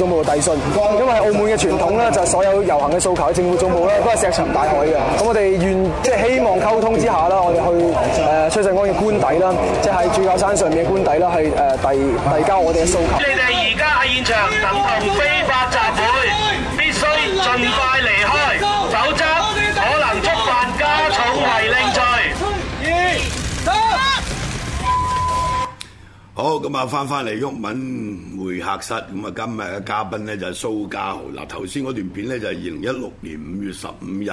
總部嘅遞信，因為澳門嘅傳統咧，就係、是、所有遊行嘅訴求，政府總部咧都係石沉大海嘅。咁我哋願即係、就是、希望溝通之下啦，我哋去誒崔世安嘅官邸啦，即係主教山上面嘅官邸啦，係誒、呃、遞遞交我哋嘅訴求。你哋而家喺現場進行非法集會必須盡快。咁啊，翻翻嚟毓民會客室，咁啊今日嘅嘉賓咧就係蘇嘉豪。嗱，頭先嗰段片咧就係二零一六年五月十五日，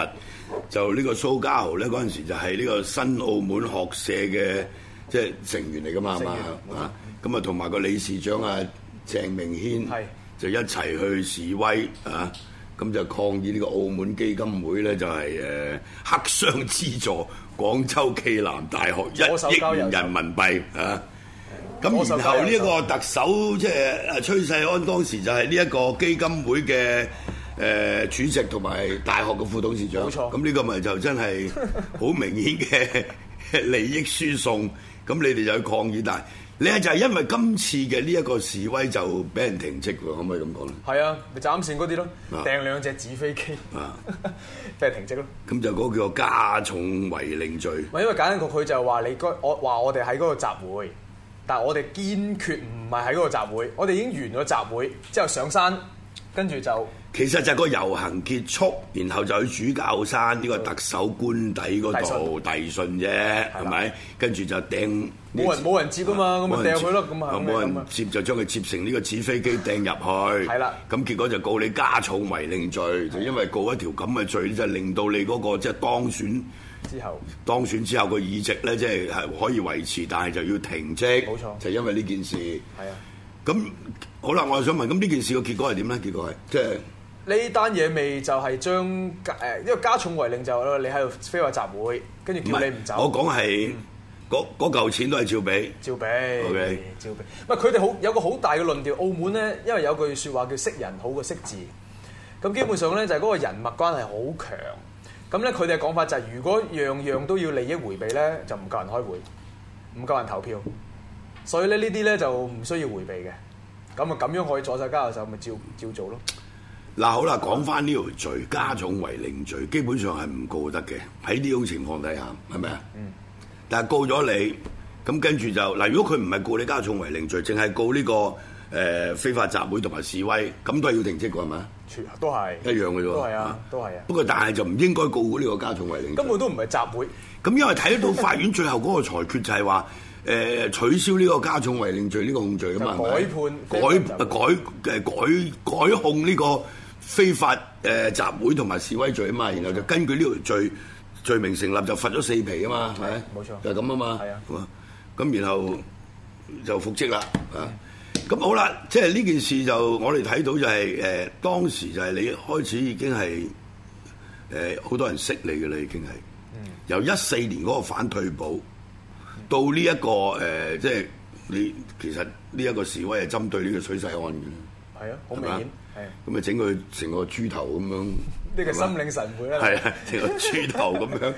就呢個蘇嘉豪咧嗰陣時就係呢個新澳門學社嘅即係成員嚟噶嘛，係嘛啊？咁啊吧，同埋個理事長啊鄭明軒，就一齊去示威是啊，咁就抗議呢個澳門基金會咧就係、是、誒、呃、黑箱資助廣州暨南大學1 一億元人民幣啊。咁然後呢一個特首即係崔世安當時就係呢一個基金會嘅誒、呃、主席同埋大學嘅副董事長。冇錯。咁呢個咪就真係好明顯嘅利益輸送。咁 你哋就去抗議，但係你係就係因為今次嘅呢一個示威就俾人停職喎，可唔可以咁講咧？係啊，你啱先嗰啲咯，掟兩隻紙飛機啊，即係 停職咯。咁就嗰個叫做加重違令罪。唔係，因為簡局，佢就話你嗰我話我哋喺嗰個集會。但係我哋堅決唔係喺嗰個集會，我哋已經完咗集會之後上山，跟住就其實就個遊行結束，然後就喺主教山呢個特首官邸嗰度遞信啫，係咪，um？跟住就掟，冇人冇人接㗎嘛，咁咪掟佢咯，咁啊冇人接就將佢接成呢個紙飛機掟入去，係啦。咁、哦、結果就告你加重違令罪，ugo ugo 就因為告一條咁嘅罪，就令到你嗰個即係當選。之後當選之後個議席咧，即係係可以維持，但係就要停職，冇錯就因為呢件事。係啊是的，咁好啦，我係想問，咁呢件事個結果係點咧？結果係即係呢單嘢未就係將誒，因為加重為令就係話，你喺度非法集會，跟住叫你唔走。我講係嗰嗰嚿錢都係照俾比 Okay.，照俾，照俾。唔係，佢哋好有個好大嘅論調，澳門咧，因為有句説話叫識人好過識字，咁基本上咧就係嗰個人脈關係好強。咁咧，佢哋嘅講法就係，如果樣樣都要利益迴避咧，就唔夠人開會，唔夠人投票，所以咧呢啲咧就唔需要迴避嘅。咁啊，咁樣可以左手交右手，咪照照做咯。嗱，好啦，講返呢條罪，加重違令罪，基本上係唔告得嘅，喺呢種情況底下，係咪啊？嗯。但係告咗你，咁跟住就嗱，如果佢唔係告你加重違令罪，淨係告呢個。誒，非法集會同埋示威，咁都係要停職㗎，係咪啊？全都係一樣嘅啫，都係啊，都係啊。不過但係就唔應該告呢個加重違令。根本都唔係集會。咁因為睇得到法院最後嗰個裁決就係話誒，取消呢個加重違令罪呢個控罪咁啊，改判改改嘅改改控呢個非法誒，集會同埋示威罪啊嘛，然後就根據呢條罪，罪名成立就罰咗四皮啊嘛，係冇錯就係咁啊嘛，係啊，咁然後就復職啦啊！咁好啦，即係呢件事就我哋睇到就係、是、誒、呃、當時就係你開始已經係誒好多人識你嘅啦，已經係由一四年嗰個反退保到呢、這、一個誒、呃，即係你其實呢一個示威係針對呢個崔世安嘅，係啊，好明顯。咁咪整佢成個豬頭咁樣，呢個 心領神會啦。係啊吧，成個豬頭咁樣，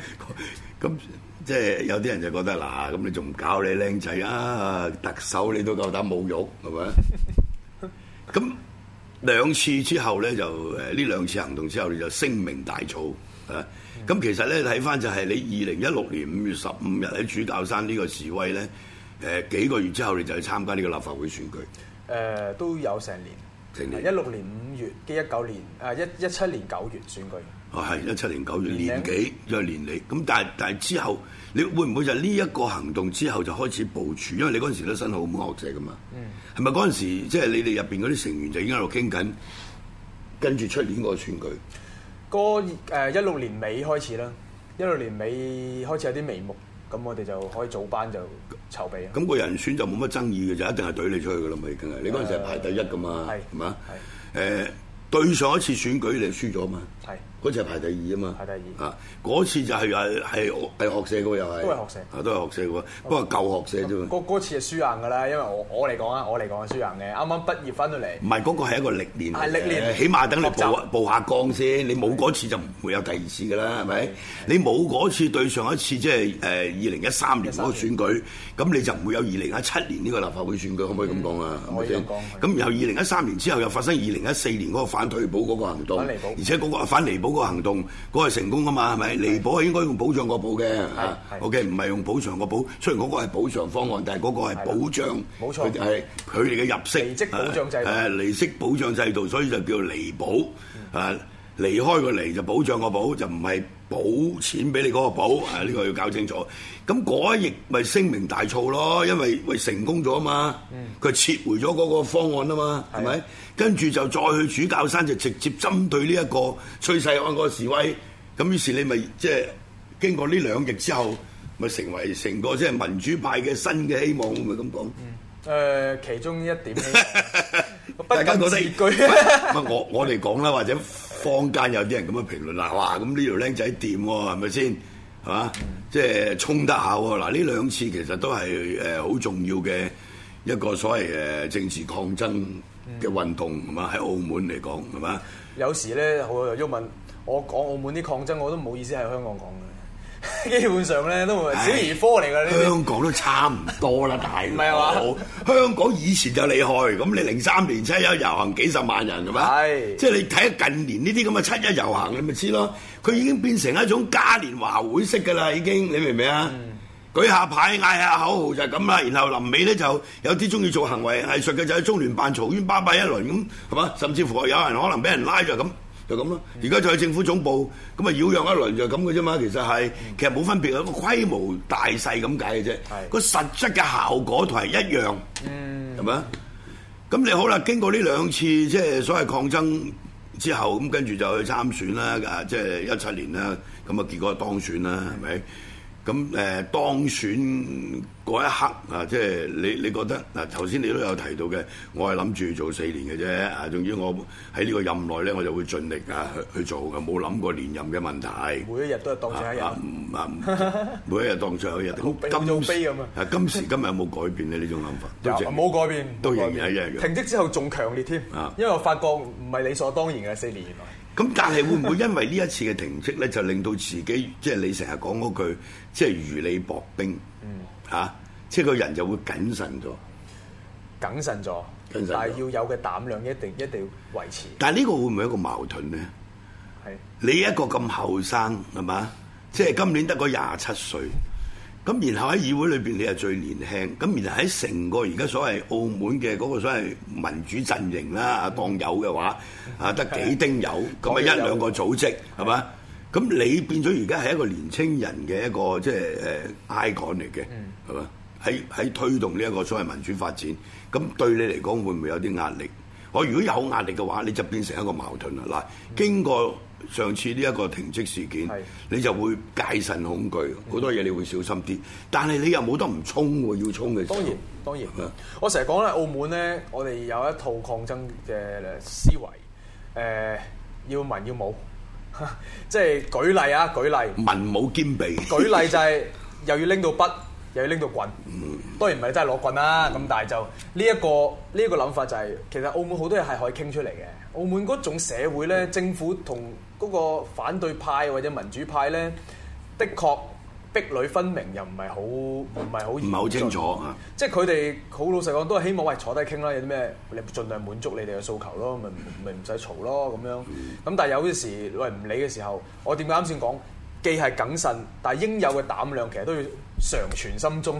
咁即係有啲人就覺得嗱，咁、啊、你仲唔搞你靚仔啊？特首你都夠膽侮辱，係咪？咁 兩次之後咧，就誒呢兩次行動之後，你就聲名大噪啊！咁、 嗯、其實咧睇翻就係你二零一六年五月十五日喺主教山呢個示威咧，誒、呃、幾個月之後你就去參加呢個立法會選舉、嗯。誒、嗯、都有成年。一六年五月，跟一九年，誒一一七年九月，年、啊、年月選舉。哦，係一七年九月年幾名一年嚟，咁但係但係之後，你會唔會就呢一個行動之後就開始部署？因為你嗰陣時都新澳門學社噶嘛，係咪嗰陣時即係、就是、你哋入邊嗰啲成員就已經喺度傾緊，跟住出年嗰個選舉。嗰個一六、呃、年尾開始啦，一六年尾開始有啲眉目。咁我哋就可以早班就籌備。咁個人選就冇乜爭議嘅，就一定係隊你出去嘅啦嘛，已經係，你嗰陣時係排第一㗎嘛，係嘛、呃？誒吧、呃，對上一次選舉你輸咗嘛？嗰次係排第二啊嘛，排第二啊嗰次就係係係學社個又係，都係學社都係學社，不過舊學社啫喎。嗰次係輸硬㗎啦，因為我我嚟講啊，我嚟講係輸硬嘅。啱啱畢業翻到嚟，唔係嗰個係一個歷練，係歷練，起碼等你步下降先。你冇嗰次就唔會有第二次㗎啦，係咪？你冇嗰次對上一次即係誒二零一三年嗰個選舉，咁你就唔會有二零一七年呢個立法會選舉，可唔可以咁講啊？可以咁講，咁然後二零一三年之後又發生二零一四年嗰個反退保嗰個行動，而且嗰離保個行動，嗰、嗰個係成功㗎嘛，係咪？離保係應該用保障個保嘅？O K，唔係用補償個補。雖然嗰個係補償方案，但係嗰個係保障。冇錯，係佢哋嘅入息。離職保障制度。誒離職保障制度，所以就叫離保啊。離開個嚟就保障個保，就唔係保錢俾你嗰個保， 啊呢、呢個要搞清楚。咁嗰一役咪聲名大噪咯，因為喂成功咗嘛，佢撤回咗嗰個方案啊嘛，係咪 是的？跟住就再去主教山，就直接針對呢、呢、一個崔世安嘅示威。咁於是你咪即係經過呢兩役之後，咪成為成個即係民主派嘅新嘅希望，咪咁講？誒、 呃，其中一點 ，大家覺得唔係我我哋講啦，或者。坊間有啲人咁樣評論啦，哇！咁呢條僆仔掂喎，係咪先？係嘛、嗯？即係衝得下喎、啊。嗱，呢兩次其實都係誒好重要嘅一個所謂誒政治抗爭嘅運動，係嘛？喺、嗯、澳門嚟講係嘛？有時咧，我又喐問，我講澳門啲抗爭我都唔好意思喺香港講嘅。基本上咧都唔係小兒科嚟嘅咧，些香港都差唔多啦，大唔係話好，香港以前就厲害，咁你零三年七一遊行幾十萬人係咪？吧即係你睇近年呢啲咁嘅七一遊行，你咪知咯。佢已經變成一種嘉年華會式㗎啦，已經你明唔明啊？嗯、舉下牌嗌下口號就係咁啦，然後臨尾咧就有啲中意做行為藝術嘅就喺、是、中聯辦嘈喧巴閉一輪咁係嘛？甚至乎有人可能俾人拉咗咁。就咁咯，而家就係政府總部，咁啊擾攘一輪就咁嘅啫嘛，其實係，的其實冇分別，一個規模大細咁解嘅啫，個的實質嘅效果同係一樣，係咪啊？咁你好啦，經過呢兩次即係所謂抗爭之後，咁跟住就去參選啦，啊的，即係一七年啦，咁啊結果當選啦，係咪？咁誒當選嗰一刻啊，即係你你覺得嗱頭先你都有提到嘅，我係諗住做四年嘅啫啊，總之我喺呢個任內咧，我就會盡力啊去做嘅，冇諗過連任嘅問題。每一日都係當最後一日，啊啊啊，每一日當最後一日，金磚碑咁啊。今時今日有冇改變呢？呢種諗法，冇有改變，改變都仍然係一樣。停職之後仲強烈添，因為我發覺唔係理所當然嘅四年內。 咁 但係會唔會因為呢一次嘅停職咧，就令到自己即係你成日講嗰句，即係如履薄冰嚇、嗯啊，即係個人就會謹慎咗，謹慎咗，謹慎咗但係要有嘅膽量一定一定要維持。但係呢個會唔會一個矛盾咧？係的你一個咁後生係嘛？即係今年得個廿七歲。咁然後喺議會裏邊你係最年輕，咁然後喺成個而家所謂澳門嘅嗰個所謂民主陣營啦，當有嘅話啊得幾丁友咁啊，一兩個組織係嘛？咁你變咗而家係一個年青人嘅一個即係誒挨港嚟嘅係嘛？喺喺推動呢一個所謂民主發展，咁對你嚟講會唔會有啲壓力？我如果有壓力嘅話，你就變成一個矛盾啦。嗱，經過。上次呢一個停職事件，係你就會戒慎恐懼，好多嘢你會小心啲。嗯、但係你又冇得唔衝喎，要衝嘅時候。當然當然，當然，係？我成日講咧，澳門咧，我哋有一套抗爭嘅思維，誒、呃，要文要武，即係舉例啊，舉例，文武兼備。舉例就係、係、 又要拎到筆。拎到棍，當然唔係真係攞棍啦。咁、嗯、但係就呢、呢、一個呢、呢個諗法就係、係，其實澳門好多嘢係可以傾出嚟嘅。澳門嗰種社會咧，政府同嗰個反對派或者民主派咧，的確壁壘分明又，又唔係好唔係好唔係好清楚啊，即、即係佢哋好老實講，都係希望喂，坐低傾啦，有啲咩你盡量滿足你哋嘅訴求咯，咪咪唔使嘈咯咁樣。咁但係有啲時，喂唔理嘅時候，我點解啱先講？既係謹慎，但係應有嘅膽量，其實都要常存心中。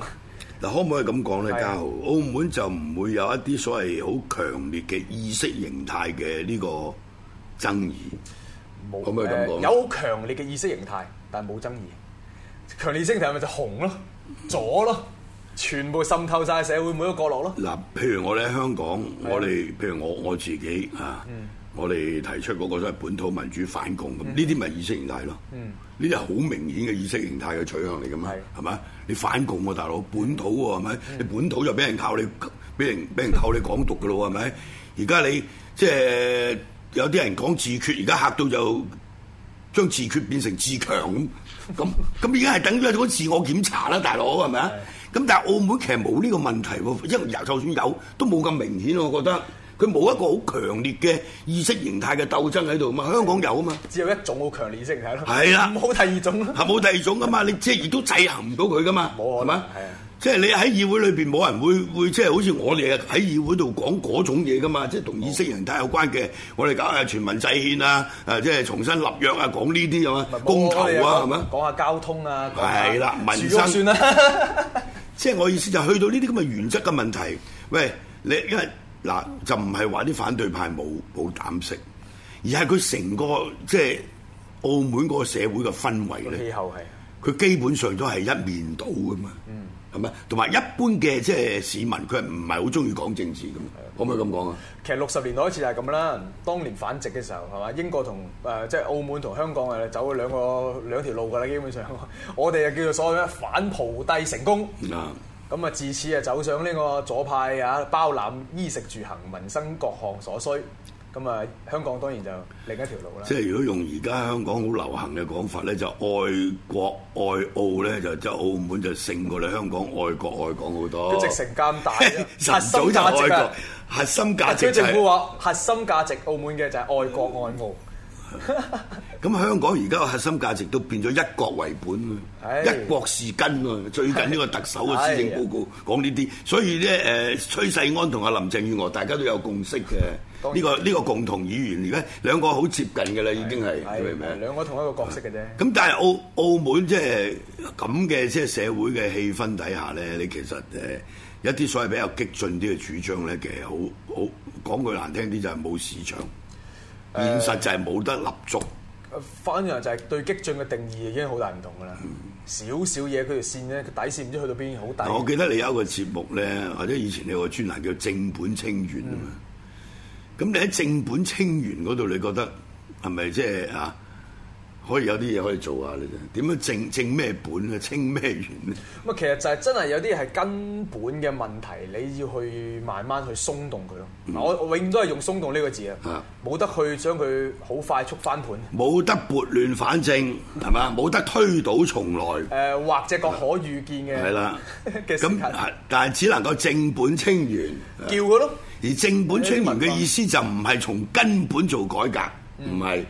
嗱，可唔可以咁講咧？嘉是的 豪，澳門就唔會有一啲所謂好強烈嘅意識形態嘅呢個爭議。沒 可唔可以咁講？有強烈嘅意識形態，但係冇爭議。強烈意識形態係咪就紅咯、左咯？全部滲透晒社會每一個角落咯。嗱，譬如我哋喺香港，我哋譬是的 如我我自己啊。嗯我哋提出嗰個都係本土民主反共，咁呢啲咪意識形態咯？嗯，呢啲係好明顯嘅意識形態嘅取向嚟㗎嘛？係咪是？你反共喎、啊，大佬，本土喎、啊，係咪？嗯、你本土就俾人靠你，俾人俾人靠你港獨㗎咯，係咪？而家你即係有啲人講自決，而家嚇到就將自決變成自強咁，咁咁已經係等於一種自我檢查啦，大佬係咪啊？咁是但係澳門其實冇呢個問題喎，因為就算有都冇咁明顯，我覺得。佢冇一個好強烈嘅意識形態嘅鬥爭喺度嘛？香港有啊嘛？只有一種好強烈意識形態咯，係啦的，冇第二種咯、啊，係冇 第二種噶、啊、嘛？你即係亦都制衡唔到佢噶嘛？係嘛？係啊，即係你喺議會裏邊冇人會會即係好似我哋喺議會度講嗰種嘢噶嘛？即係同意識形態有關嘅，我哋搞下全民制憲啊，誒即係重新立約啊，講呢啲咁啊，公投啊，係嘛？講，講下交通啊，係啦，民生算啦。即係我意思就係、去到呢啲咁嘅原則嘅問題，喂，你因為。嗱，就唔係話啲反對派冇冇膽識，而係佢成個即係澳門嗰個社會嘅氛圍咧，氣候係，佢基本上都係一面倒噶嘛，係咪、嗯？同埋一般嘅即係市民，佢唔係好中意講政治咁，的可唔可以咁講啊？其實六十年代一次就係咁啦，當年反殖嘅時候係嘛？英國同誒即係澳門同香港誒走咗兩個兩個兩個條路噶啦，基本上，我哋就叫做所謂咩反葡帝成功。嗯啊。咁啊，自此啊走上呢個左派啊，包攬衣食住行民生各項所需。咁啊，香港當然就另一條路啦。即係如果用而家香港好流行嘅講法咧，就是、愛國愛澳咧，就即、是、係澳門就勝過你香港愛國愛港好多。佢直成咁大，核心價值啊！核心價值、就是。政府話：核心價值澳門嘅就係愛國愛澳。呃咁 香港而家個核心價值都變咗一國為本的一國是根啊！最近呢個特首嘅施政報告講呢啲，所以咧誒、呃，崔世安同阿林鄭月娥大家都有共識嘅，呢然、呢個呢、呢個共同語言而家兩個好接近嘅啦，的已經係的的明唔明？兩個同一個角色嘅啫、嗯。咁但係澳澳門即係咁嘅即係社會嘅氣氛底下咧，你其實誒一啲所謂比較激進啲嘅主張咧，其實好好講句難聽啲就係冇市場。現實就係冇得立足、呃，反而就係對激進嘅定義已經好大唔同噶啦。少少嘢佢條線咧，底線唔知去到邊，好大。我記得你有一個節目咧，或者以前你有個專欄叫正本清源啊、嗯、嘛。咁你喺正本清源嗰度，你覺得係咪即係啊？可以有啲嘢可以做下你啫，點樣正正咩本咧，清咩源咧？咁啊，其實就係真係有啲係根本嘅問題，你要去慢慢去鬆動佢咯。我永遠都係用鬆動呢個字啊，冇得去將佢好快速翻盤，冇得撥亂反正係嘛？冇得推倒重來。誒，或者個可預見嘅係啦，咁但係只能夠正本清源，叫佢咯。而正本清源嘅意思就唔係從根本做改革，唔係。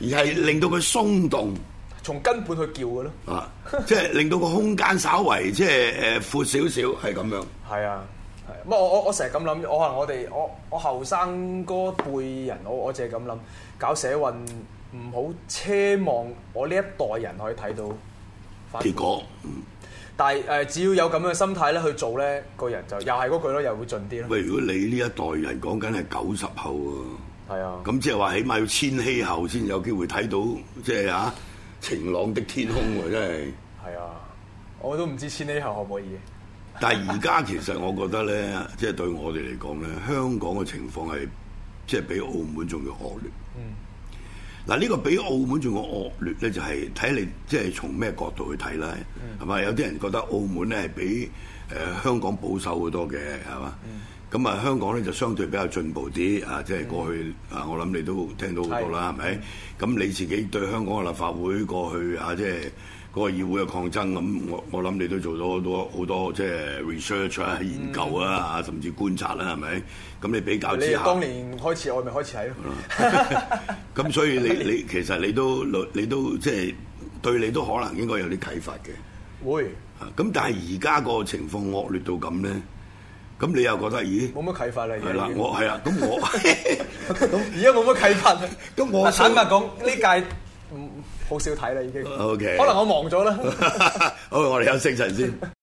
而係令到佢鬆動，從根本去叫嘅咯。啊， 即係令到個空間稍為即係誒、呃、闊少少，係咁樣。係啊，係、啊。不過、啊、我我我成日咁諗，我可能我哋我我後生嗰輩人，我我淨係咁諗，搞社運唔好奢望我呢一代人可以睇到結果。但係誒、呃，只要有咁樣嘅心態咧去做咧，個人就又係嗰句咯，又，又會盡啲咯。喂，如果你呢一代人講緊係九十後喎？係啊，咁即係話起碼要千禧後先有機會睇到，即係啊，晴朗的天空喎，真係。係啊，我都唔知千禧後可唔可以。 但係而家其實我覺得咧，即係、啊、對我哋嚟講咧，香港嘅情況係即係比澳門仲要惡劣。嗯。嗱，呢個比澳門仲要惡劣咧，就係、是、睇你即係從咩角度去睇啦。嗯。係嘛？有啲人覺得澳門咧係比誒、呃、香港保守好多嘅，係嘛？嗯咁啊，香港咧就相對比較進步啲啊，即係過去啊，我諗你都聽到好多啦，係咪？咁你自己對香港嘅立法會過去啊，即係嗰個議會嘅抗爭咁，我我諗你都做咗好多好多，即係 research 啊、研究啊，甚至觀察啦，係咪？咁你比較之下，你當年開始，我咪開始睇咯。咁所以你你其實你都你都即係對你都可能應該有啲啟發嘅。會啊，咁但係而家個情況惡劣到咁咧？咁你又覺得咦？冇乜啟發啦，係啦了，員我係啊，咁我而家冇乜啟發啦。咁 我坦白講，呢屆唔好少睇啦，已經。O Okay . K，可能我忘咗啦。 好，我哋休息陣先。